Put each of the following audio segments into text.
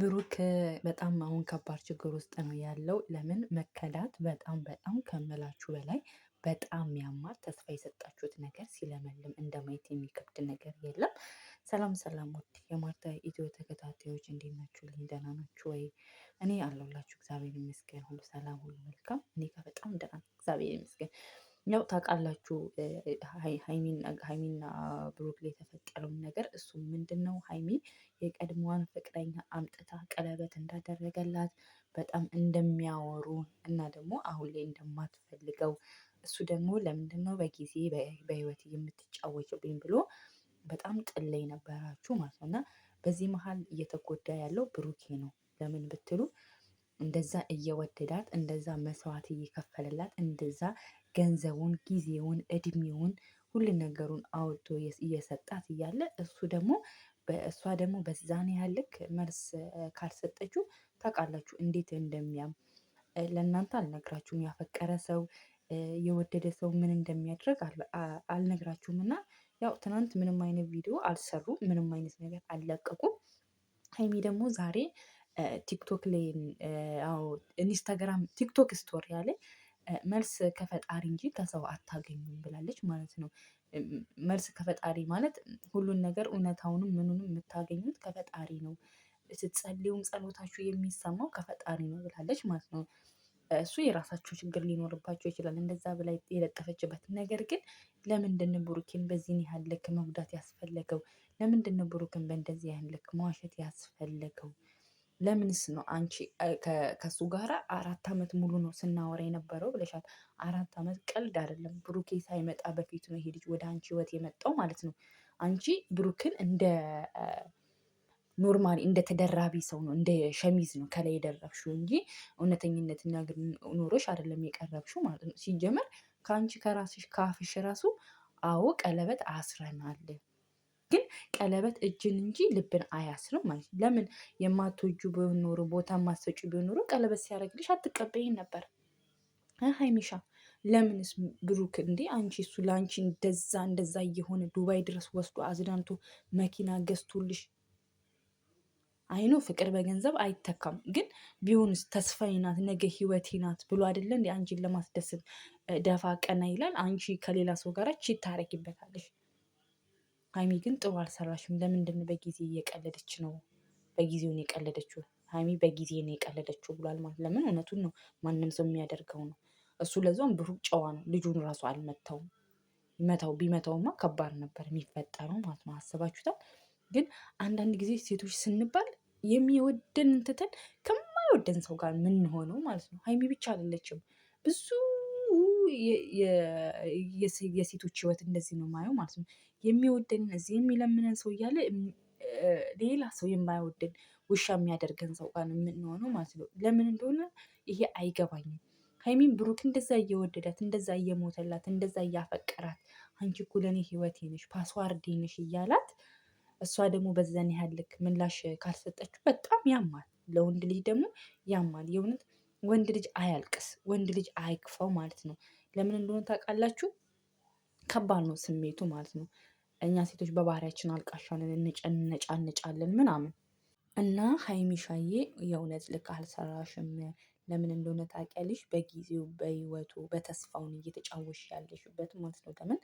ብሩክ በጣም አሁን ከባድ ችግር ውስጥ ነው ያለው። ለምን መከዳት በጣም በጣም ከምላችሁ በላይ በጣም ያማር ተስፋ የሰጣችሁት ነገር ሲለመልም እንደማየት የሚከብድ ነገር የለም። ሰላም ሰላም፣ ውድ የማርታ ኢትዮ ተከታታዮች እንዴት ናችሁ? ልኝ ደህና ናችሁ ወይ? እኔ አለሁላችሁ። እግዚአብሔር ይመስገን፣ ሁሉ ሰላም፣ ሁሉ መልካም። እኔ ጋር በጣም ደህና፣ እግዚአብሔር ይመስገን። ያው ታውቃላችሁ ሀይሚና ብሩክ ላይ የተፈጠረውን ነገር እሱ ምንድነው ሀይሚ የቀድሞዋን ፍቅረኛ አምጥታ ቀለበት እንዳደረገላት በጣም እንደሚያወሩ እና ደግሞ አሁን ላይ እንደማትፈልገው እሱ ደግሞ ለምንድነው በጊዜ በህይወት የምትጫወችብኝ ብሎ በጣም ጥል ላይ ነበራችሁ ማለት ነው እና በዚህ መሀል እየተጎዳ ያለው ብሩኬ ነው። ለምን ብትሉ እንደዛ እየወደዳት እንደዛ መስዋዕት እየከፈለላት እንደዛ ገንዘቡን፣ ጊዜውን፣ እድሜውን ሁሉ ነገሩን አውጥቶ እየሰጣት እያለ እሱ ደግሞ እሷ ደግሞ በዛን ያልክ መልስ ካልሰጠችው ታውቃላችሁ እንዴት እንደሚያም ለእናንተ አልነግራችሁም። ያፈቀረ ሰው የወደደ ሰው ምን እንደሚያደርግ አልነግራችሁም። እና ያው ትናንት ምንም አይነት ቪዲዮ አልሰሩ፣ ምንም አይነት ነገር አልለቀቁም። ሀይሚ ደግሞ ዛሬ ቲክቶክ ላይ ኢንስታግራም ቲክቶክ ስቶሪ ላይ መልስ ከፈጣሪ እንጂ ከሰው አታገኙም ብላለች ማለት ነው። መልስ ከፈጣሪ ማለት ሁሉን ነገር እውነታውንም ምኑንም የምታገኙት ከፈጣሪ ነው። ስትጸልዩም ጸሎታችሁ የሚሰማው ከፈጣሪ ነው ብላለች ማለት ነው። እሱ የራሳችሁ ችግር ሊኖርባቸው ይችላል እንደዛ ብላ የለጠፈችበት ነገር ግን ለምንድን ብሩኬን በዚህን ያህል ልክ መጉዳት ያስፈለገው? ለምንድን ብሩኬን በእንደዚህ ያህል ልክ መዋሸት ያስፈለገው ለምንስ ነው አንቺ ከሱ ጋራ አራት አመት ሙሉ ነው ስናወራ የነበረው ብለሻል። አራት አመት ቀልድ አይደለም። ብሩኬ ሳይመጣ በፊት ነው ይሄ ልጅ ወደ አንቺ ህይወት የመጣው ማለት ነው። አንቺ ብሩክን እንደ ኖርማሊ እንደ ተደራቢ ሰው ነው እንደ ሸሚዝ ነው ከላይ የደረብሽው እንጂ እውነተኝነትና ኖሮሽ አይደለም የቀረብሽው ማለት ነው። ሲጀመር ከአንቺ ከራስሽ ከአፍሽ ራሱ አዎ ቀለበት አስረናል ግን ቀለበት እጅን እንጂ ልብን አያስርም ማለት ነው። ለምን የማትወጁ ቢሆን ኖሮ ቦታ ማሰጩ ቢሆን ኖሮ ቀለበት ሲያደርግልሽ አትቀበይን ነበር። ሀይሚሻ ለምንስ ብሩክ እንዴ አንቺ እሱ ለአንቺ እንደዛ እንደዛ እየሆነ ዱባይ ድረስ ወስዶ አዝናንቶ መኪና ገዝቶልሽ አይኖ ፍቅር በገንዘብ አይተካም። ግን ቢሆንስ ተስፋዬ ናት ነገ ህይወቴ ናት ብሎ አይደለ እንዴ አንቺን ለማስደሰት ደፋ ቀና ይላል። አንቺ ከሌላ ሰው ጋር ቺት ታረጊበታለሽ። ሀይሚ ግን ጥሩ አልሰራሽም። ለምንድን በጊዜ እየቀለደች ነው? በጊዜውን የቀለደችው ሀይሚ በጊዜ ነው የቀለደችው ብሏል ማለት ለምን? እውነቱን ነው። ማንም ሰው የሚያደርገው ነው። እሱ ለዛም ብሩክ ጨዋ ነው። ልጁን ራሱ አልመታውም። ይመታው ቢመታውማ ከባድ ነበር የሚፈጠረው ማለት ነው። አስባችሁታል? ግን አንዳንድ ጊዜ ሴቶች ስንባል የሚወደን እንትተን ከማይወደን ሰው ጋር የምንሆነው ማለት ነው። ሀይሚ ብቻ አይደለችም ብዙ የሴቶች ህይወት እንደዚህ ነው ማየው ማለት ነው። የሚወደን እዚህ የሚለምነን ሰው እያለ ሌላ ሰው የማይወደን ውሻ የሚያደርገን ሰው ጋር ነው የምንሆነው ማለት ነው። ለምን እንደሆነ ይሄ አይገባኝም። ሀይሚን ብሩክ እንደዛ እየወደዳት እንደዛ እየሞተላት እንደዛ እያፈቀራት አንቺ እኮ ለኔ ህይወቴ ነሽ ፓስዋርዴ ነሽ እያላት እሷ ደግሞ በዛን ያህል ልክ ምላሽ ካልሰጠችው በጣም ያማል። ለወንድ ልጅ ደግሞ ያማል። የእውነት ወንድ ልጅ አያልቅስ ወንድ ልጅ አይክፋው ማለት ነው። ለምን እንደሆነ ታውቃላችሁ? ከባድ ነው ስሜቱ ማለት ነው። እኛ ሴቶች በባህሪያችን አልቃሻ ነን፣ እንነጫነጫለን ምናምን እና ሀይሚሻዬ የእውነት ልክ አልሰራሽም። ለምን እንደሆነ ታውቂያለሽ? በጊዜው በህይወቱ በተስፋውን እየተጫወሽ ያለሽበት ማለት ነው። ለምን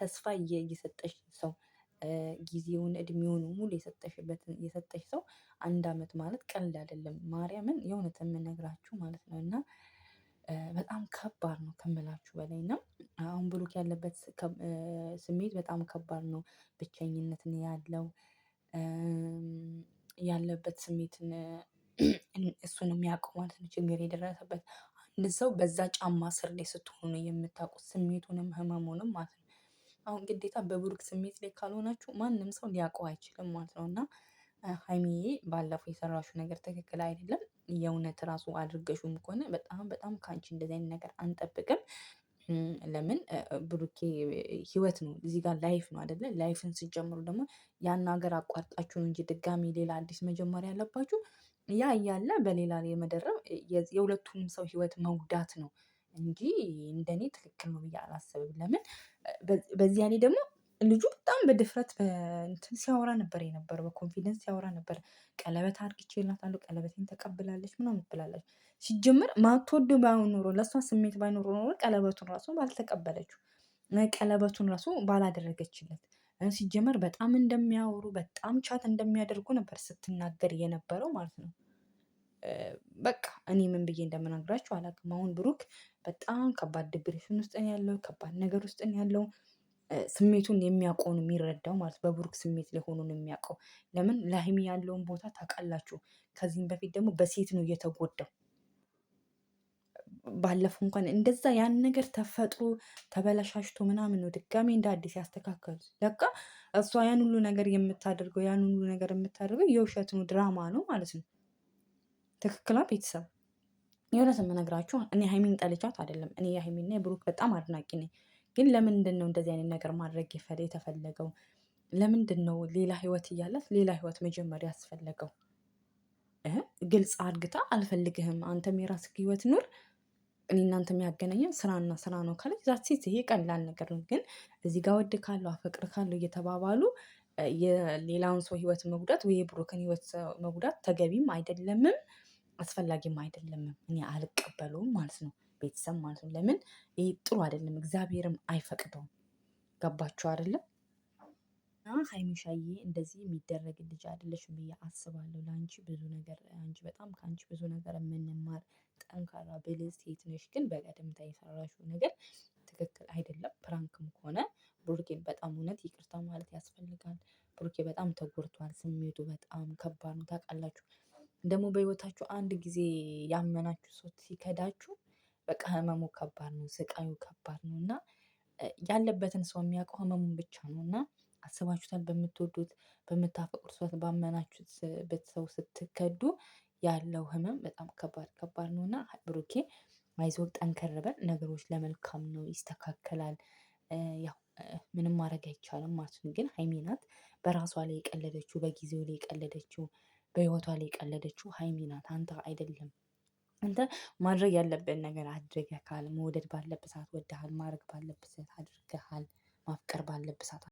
ተስፋ እየሰጠሽ ሰው ጊዜውን እድሜውን ሙሉ የሰጠሽበትን የሰጠሽ ሰው አንድ አመት ማለት ቀልድ አይደለም። ማርያምን የእውነት የምነግራችሁ ማለት ነው እና በጣም ከባድ ነው ከምላችሁ በላይ ነው። አሁን ብሩክ ያለበት ስሜት በጣም ከባድ ነው። ብቸኝነትን ያለው። ያለበት ስሜትን እሱን የሚያውቀው ማለት ነው። ችግር የደረሰበት አንድ ሰው በዛ ጫማ ስር ላይ ስትሆኑ ነው የምታውቁት ስሜቱንም ህመሙንም ማለት ነው። አሁን ግዴታ በብሩክ ስሜት ላይ ካልሆናችሁ ማንም ሰው ሊያውቀው አይችልም ማለት ነው። እና ሀይሚዬ ባለፈው የሰራሹ ነገር ትክክል አይደለም የእውነት ራሱ አድርገሹም ከሆነ በጣም በጣም ከአንቺ እንደዚህ አይነት ነገር አንጠብቅም። ለምን ብሩኬ ህይወት ነው እዚህ ጋር ላይፍ ነው አደለ? ላይፍን ስጀምሩ ደግሞ ያን ሀገር አቋርጣችሁ እንጂ ድጋሚ ሌላ አዲስ መጀመሪያ ያለባችሁ ያ እያለ በሌላ የመደረብ የሁለቱም ሰው ህይወት መጉዳት ነው እንጂ እንደኔ ትክክል ነው ብዬ አላስብም። ለምን በዚያ ላይ ደግሞ ልጁ በጣም በድፍረት በእንትን ሲያወራ ነበር የነበረው፣ በኮንፊደንስ ሲያወራ ነበር። ቀለበት አድርግቼላታለሁ፣ ቀለበቴን ተቀብላለች ምናምን ትላለች። ሲጀምር ማትወደው ባይሆን ኖሮ፣ ለእሷ ስሜት ባይኖር ኖሮ ቀለበቱን ራሱ ባልተቀበለችው፣ ቀለበቱን ራሱ ባላደረገችለት። ሲጀመር በጣም እንደሚያወሩ በጣም ቻት እንደሚያደርጉ ነበር ስትናገር የነበረው ማለት ነው። በቃ እኔ ምን ብዬ እንደምናግራችሁ አላውቅም። አሁን ብሩክ በጣም ከባድ ዲፕሬሽን ውስጥ ያለው፣ ከባድ ነገር ውስጥ ያለው። ስሜቱን የሚያውቀው ነው የሚረዳው ማለት በብሩክ ስሜት ላይ ሆኖ ነው የሚያውቀው። ለምን ለሀይሚ ያለውን ቦታ ታውቃላችሁ። ከዚህም በፊት ደግሞ በሴት ነው እየተጎዳው። ባለፈው እንኳን እንደዛ ያን ነገር ተፈጥሮ ተበላሻሽቶ ምናምን ነው ድጋሜ እንደ አዲስ ያስተካከሉት። ለካ እሷ ያን ሁሉ ነገር የምታደርገው ያን ሁሉ ነገር የምታደርገው የውሸት ነው ድራማ ነው ማለት ነው። ትክክላ ቤተሰብ የእውነት የምነግራችሁ እኔ ሀይሚን ጠልቻት አይደለም። እኔ የሀይሚና የብሩክ በጣም አድናቂ ነኝ። ግን ለምንድን ነው እንደዚህ አይነት ነገር ማድረግ የተፈለገው? ለምንድን ነው ሌላ ህይወት እያላት ሌላ ህይወት መጀመር ያስፈለገው? ግልጽ አድግታ አልፈልግህም፣ አንተም የራስህ ህይወት ኑር፣ እኔ እናንተ የሚያገናኘን ስራና ስራ ነው ካለች ዛሴት ይሄ ቀላል ነገር ነው። ግን እዚህ ጋር ወድ ካለው አፈቅር ካለው እየተባባሉ የሌላውን ሰው ህይወት መጉዳት ወይ የብሩክን ህይወት መጉዳት ተገቢም አይደለምም አስፈላጊም አይደለምም። እኔ አልቀበሉም ማለት ነው። ቤተሰብ ማለት ነው። ለምን ጥሩ አይደለም፣ እግዚአብሔርም አይፈቅደውም። ገባችሁ አይደለም? እና ሀይሚሻዬ እንደዚህ የሚደረግ ልጅ አይደለሽም ብዬ አስባለሁ። ለአንቺ ብዙ ነገር አንቺ በጣም ከአንቺ ብዙ ነገር የምንማር ጠንካራ ብልህ ሴት ነሽ። ግን በቀደምታ የሰራሽው ነገር ትክክል አይደለም። ፕራንክም ከሆነ ብሩኬን በጣም እውነት ይቅርታ ማለት ያስፈልጋል። ብሩኬ በጣም ተጎድቷል። ስሜቱ በጣም ከባድ ነው። ታውቃላችሁ ደግሞ በህይወታችሁ አንድ ጊዜ ያመናችሁ ሰው ሲከዳችሁ በቃ ህመሙ ከባድ ነው፣ ስቃዩ ከባድ ነው እና ያለበትን ሰው የሚያውቀው ህመሙን ብቻ ነው እና አስባችሁታል። በምትወዱት በምታፈቅሩት ሰው ባመናችሁት ቤተሰቡ ስትከዱ ያለው ህመም በጣም ከባድ ከባድ ነው እና ብሩኬ አይዞህ፣ ጠንከር በል። ነገሮች ለመልካም ነው፣ ይስተካከላል። ያው ምንም ማድረግ አይቻልም ማለት ነው። ግን ሀይሚ ናት በራሷ ላይ የቀለደችው፣ በጊዜው ላይ የቀለደችው፣ በህይወቷ ላይ የቀለደችው ሀይሚ ናት፣ አንተ አይደለም። አንተ ማድረግ ያለብን ነገር አድርገሃል። መውደድ ባለብህ ሰዓት ወደሃል። ማድረግ ባለብህ ሰዓት አድርገሃል። ማፍቀር ባለብህ ሰዓት